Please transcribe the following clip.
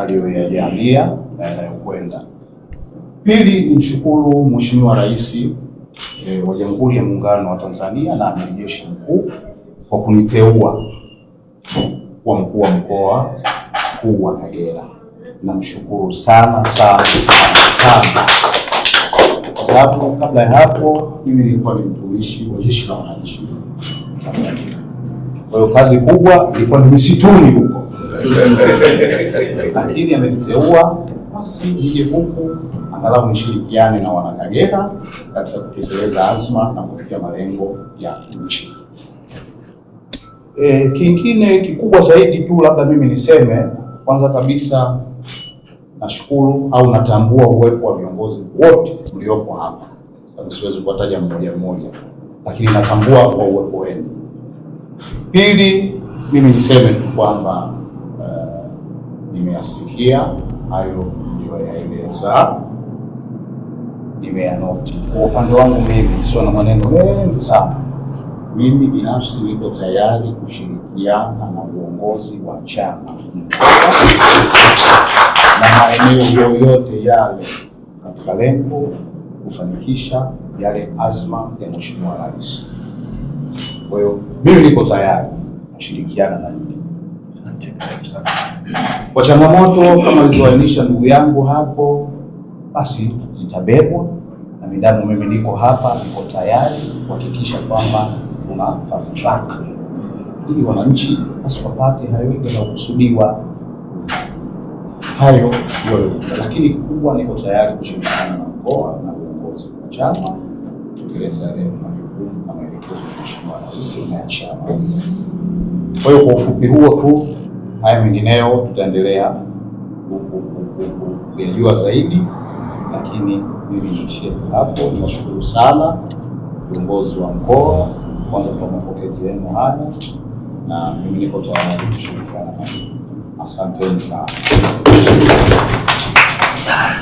aliyoyajalia na yanayokwenda. Pili ni mshukuru Mheshimiwa Rais e, wa Jamhuri ya Muungano wa Tanzania na Amiri Jeshi Mkuu kwa kuniteua kwa mkuu wa mkoa mkuu wa Kagera. Namshukuru sana sana sana, kwa sababu kabla ya hapo mimi nilikuwa ni mtumishi wa jeshi la wananchi Tanzania. Kwa hiyo kazi kubwa ilikuwa ni msituni huko lakini ameniteua basi nije huku angalau nishirikiane na Wanakagera katika kutekeleza azma na kufikia malengo ya nchi. E, kingine kikubwa zaidi tu labda mimi niseme, kwanza kabisa nashukuru au natambua uwepo wa viongozi wote mliopo hapa, sababu siwezi kuwataja mmoja mmoja, lakini natambua kwa uwepo wenu. Pili, mimi niseme tu kwamba nimeyasikia hayo mliyoyaeleza, nimeyanoti. Kwa upande wangu mimi sio na maneno mengi sana. Mimi binafsi niko tayari kushirikiana na uongozi wa chama na maeneo yoyote yale katika lengo kufanikisha yale azma ya Mheshimiwa Rais. Kwa hiyo mimi niko tayari kushirikiana na nyinyi. Kwa changamoto kama alizoainisha ndugu yangu hapo, basi zitabebwa na midamu. Mimi niko hapa, niko tayari kuhakikisha kwamba kuna fast track ili wananchi basi wapate hayo yanayokusudiwa, hayo a. Lakini kubwa, niko tayari kushirikiana na mkoa na viongozi wa chama kutekeleza yale majukumu na maelekezo ya Mheshimiwa Rais na chama. Kwa hiyo kwa ufupi huo tu. Haya mengineyo tutaendelea kuyajua zaidi, lakini mimi niishie hapo. Niwashukuru sana viongozi wa mkoa kwanza kwa mapokezi yenu haya, na mimi niko tayari kushirikiana. Asanteni sana.